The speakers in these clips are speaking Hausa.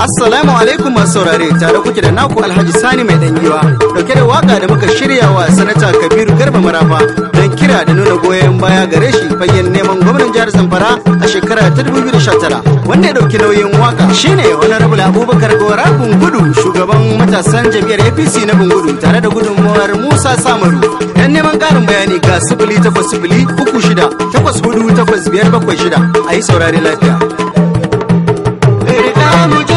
Assalamu alaikum masu saurare tare kuke da naku Alhaji Sani mai yiwa? dauke da waka da muka shirya wa sanata Kabiru Garba Marafa dan kira da nuna goyon baya gare shi fagen neman gwamnan jihar Zamfara a shekara ta 2019 wanda ya dauki nauyin waka shine Honorable Abubakar Gora Bungudu shugaban matasan jami'ar APC na Bungudu tare da gudunmawar Musa Samaru dan neman karin bayani ga sifili takwas sifili uku shida takwas hudu takwas biyar bakwai shida a yi saurare lafiya. Eh,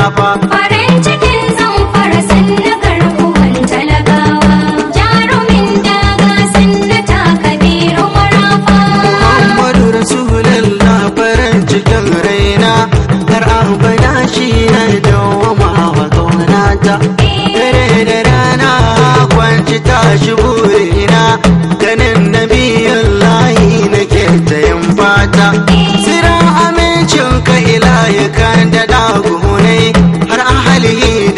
shinkafa. Farin cikin zamfara sanna garkuwan talakawa, jarumin daga sanna ta kabiru marafa. Muhammadu Rasulullah farin cikin raina, har abada shi na dawama wa ƙaunata. Dare da rana kwanci tashi burina, ganin nabiyin layi nake ta eh. Sira amincin ka ilahi kan da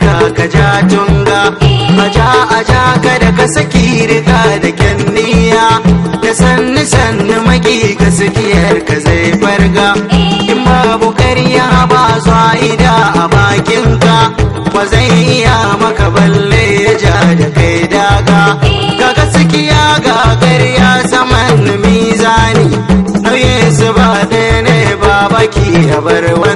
ka ka ja tunga aja aja kada ka saki riga da kyanniya da sanni sanni maki ka ka zai farga in babu karya ba ida a bakinka ba zai iya maka balle ya ja da kai daga ga gaskiya ga karya saman mizani nauyin su ba ɗaya ne ba baki a bar wani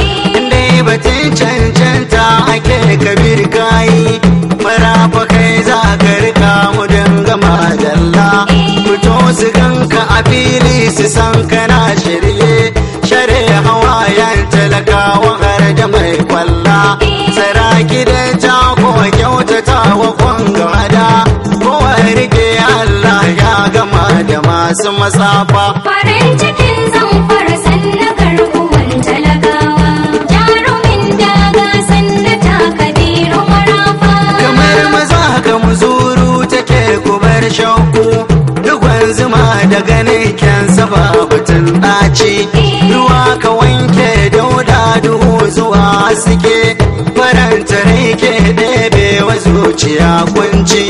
su san kana shirye share hawayen talakawa har da mai kwalla saraki da jago kyautata wa kwangada kowa rike Allah ya gama da masu masafa ɗebe wa zuciya kunci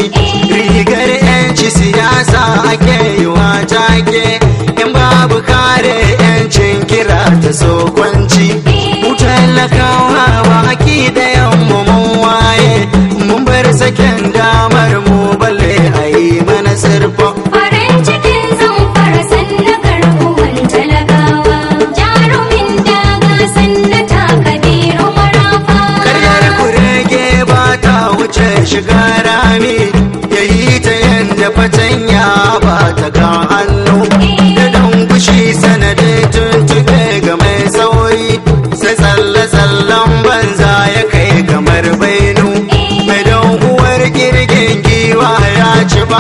rigar yanci siyasa ake yi wa take in babu kare yancin kira ta so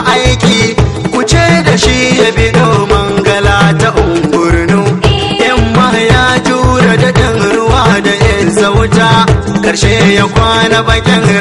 aiki kuce da shi ya bi domin mangala ta ungurnu in ma ya jura da ruwa da yin sauta ƙarshe ya kwana bakin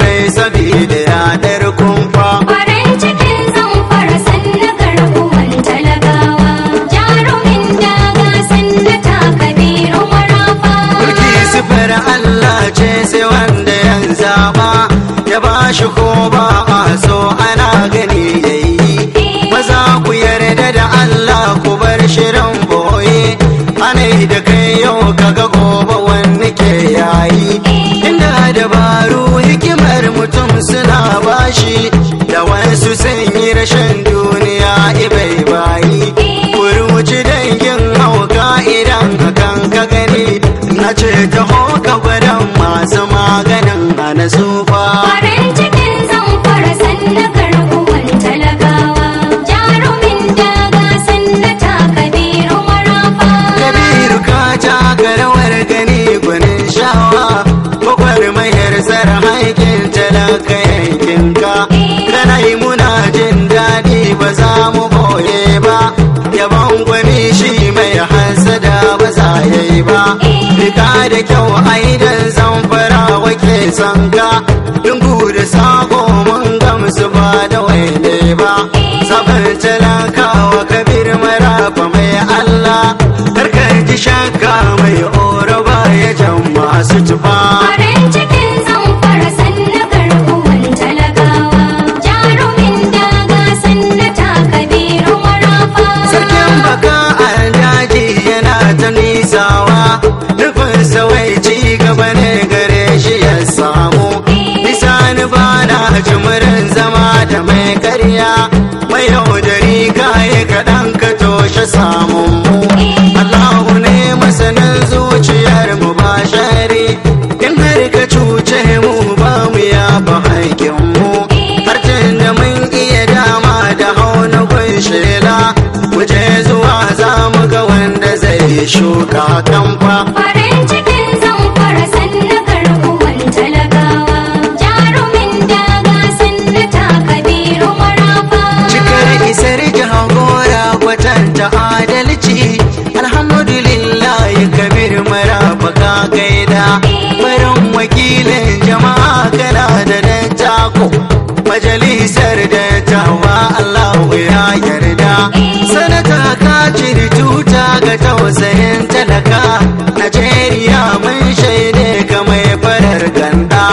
sanga dungu da sago mun gamsu ba da waine ba sabantar shuka kamfa farin cikin zan fara sanna karɓuwan talagawa jarumin daga sanna ta kabiru marafa cikar isar jagora kwatanta adalci alhamdulillah kabir marafa ka gaida barin wakilin jama'a kana da dattako majalisar dattawa allahu ya yarda ga tausayin talaka Najeriya mun shaide ka mai farar ganda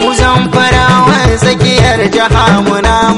Muzan farawar tsakiyar jiha muna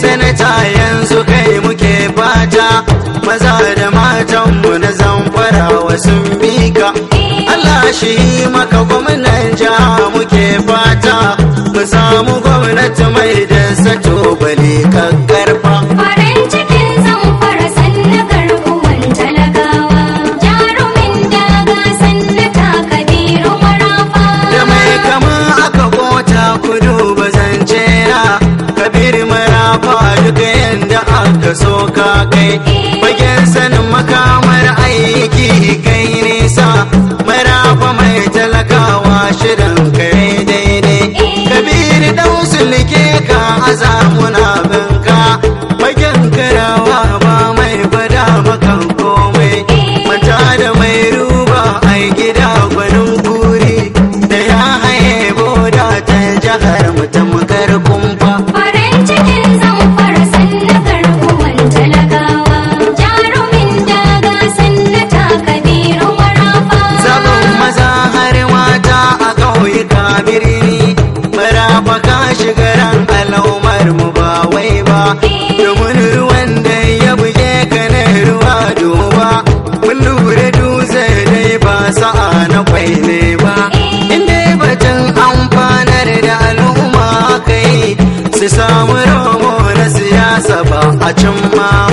sanata yanzu kai muke fata maza da matan mu na zamfara wasu bika Allah shi maka gwamnan jiha muke fata mu samu gwamnati mai da sato bale can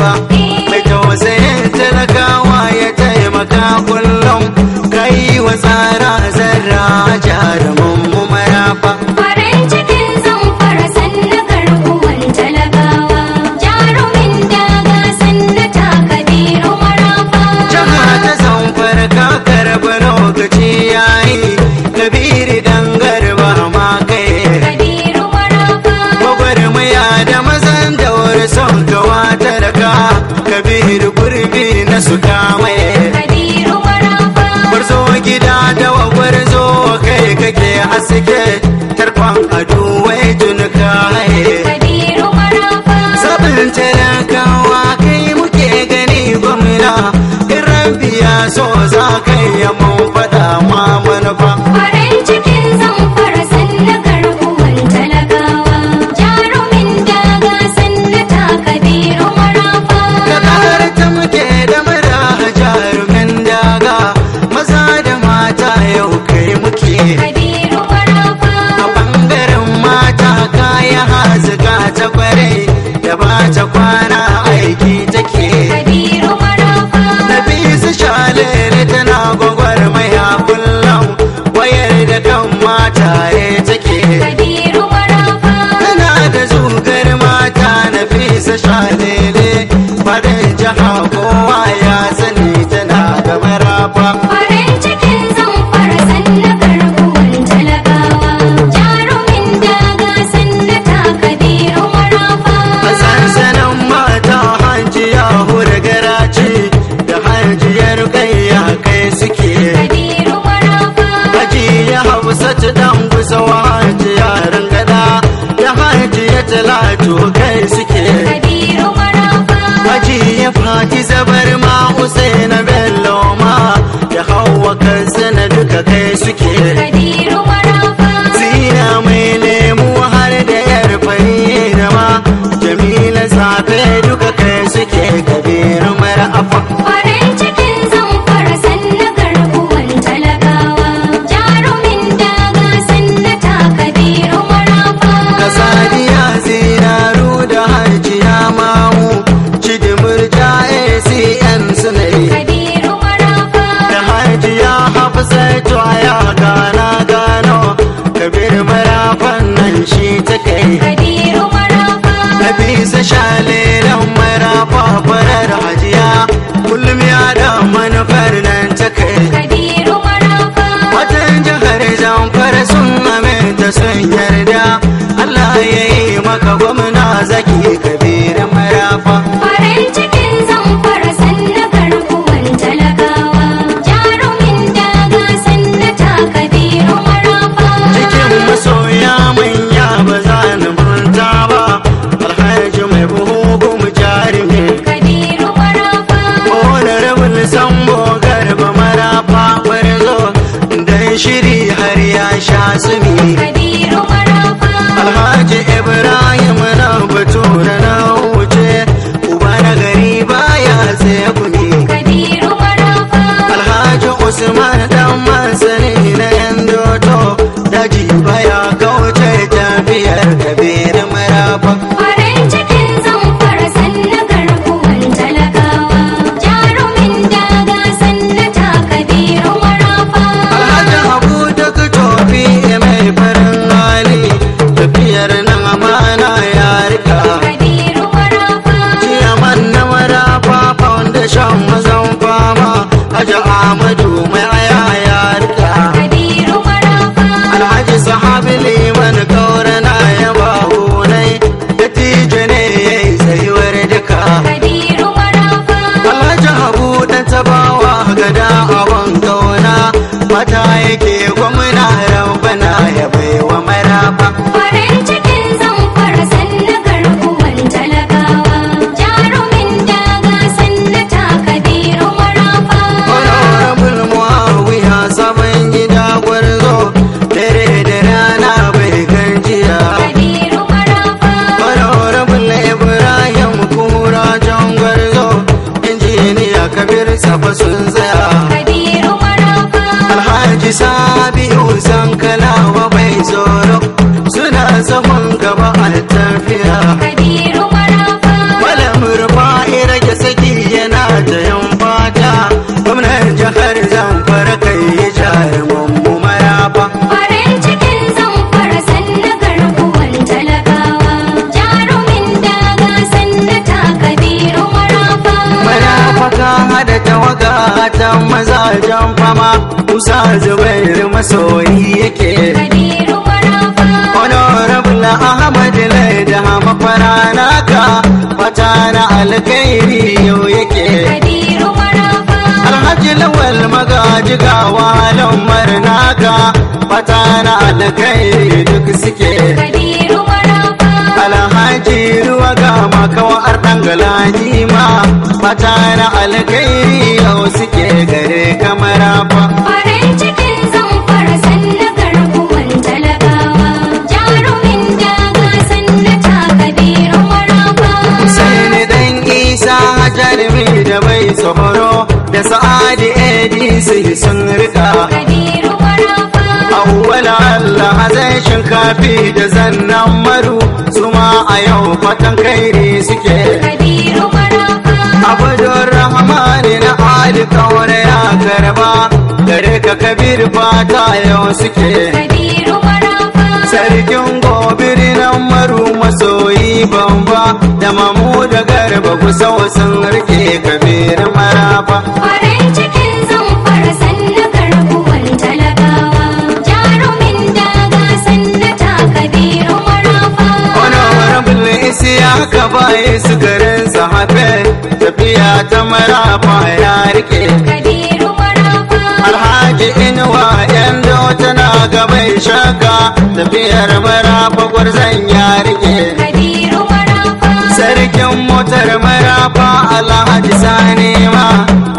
matan mazajen fama Musa Zubair masoyi yake Honorable Ahmad Lai da mafara naka fata na alkhairi yau yake Alhaji Lawal magaji ga wahalan marnaka fata na alkairi duk suke Alhaji ruwa ga makawa galani ma mata na alkairi yau suke gare kamara fa farin cikin zan fara sanna garkuwan talagawa jarumin daga sanna ta kabiru maraba sai ni dan isa jarumi da bai tsoro da sa'adi edi sai sun rika kabiru maraba ta hazai shinkafi da zannan maru suma a yau fatan kairi suke abudun rahmani na ali kawar ya karba gare ka kabir fata yau suke sarkin gobiri na maru masoyi bamba da mamu da garba kusa wasan rike kabir maraba waye sukarin hafe tafiya ta marafa ya rike alhaji inuwa yan dota na gabai shaka tafiyar marafa gwarzon ya rike sarkin motar marafa alhaji sani ma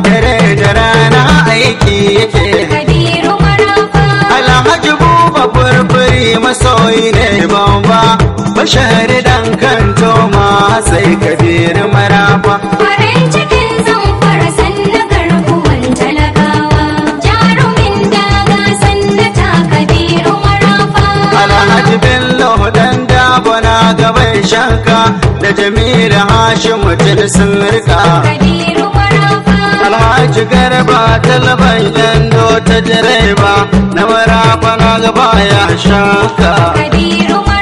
dare da rana aiki yake alhaji buba furfuri masoyi ne ba. bashar dan kanto sai kabir maraba farin cikin zan fara sanna garkuwan talakawa jarumin daga sanna ta kabiru maraba alhaji bello dan dabo na gaban shaka da jamil hashim tun sun rika kabiru maraba alhaji garba talban yando ta direba na marafa na gaba ya shaka kabiru maraba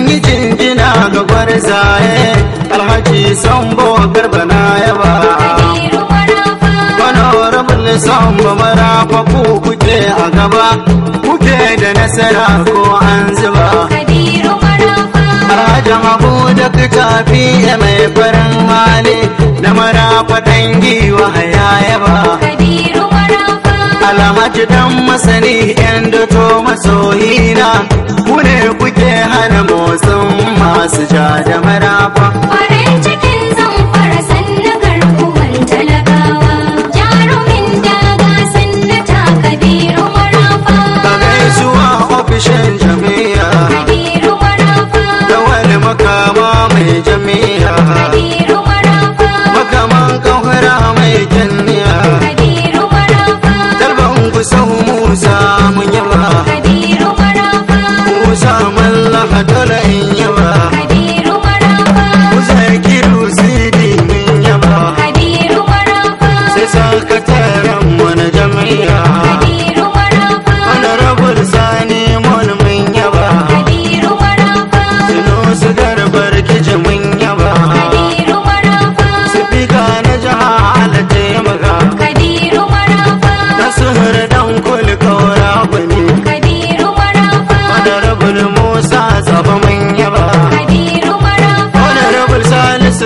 zaye alhaji sambo garba na yaba wani rabin sambo mara kwaku kuke a gaba kuke da nasara ko an zuba alhaji abu da ya mai farin mali na mara dangi wa haya yaba alhaji dan masani yan dato masoyina ku ne kuke hana motsin masu ja da marafa farin cikin zan fara sanna garkuwan talakawa jarumin daga sanna ta kabiru marafa ka gaisuwa ofishin jami'a kabiru marafa da wani makama mai jami'a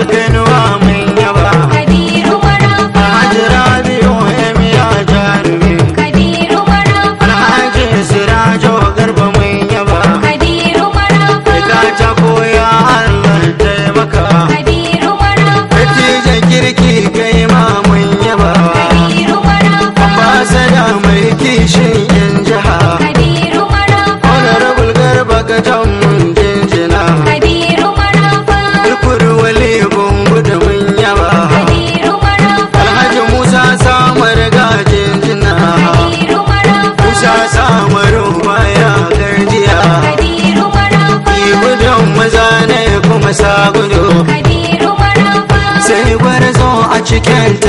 que masa sai gwarzo a cikin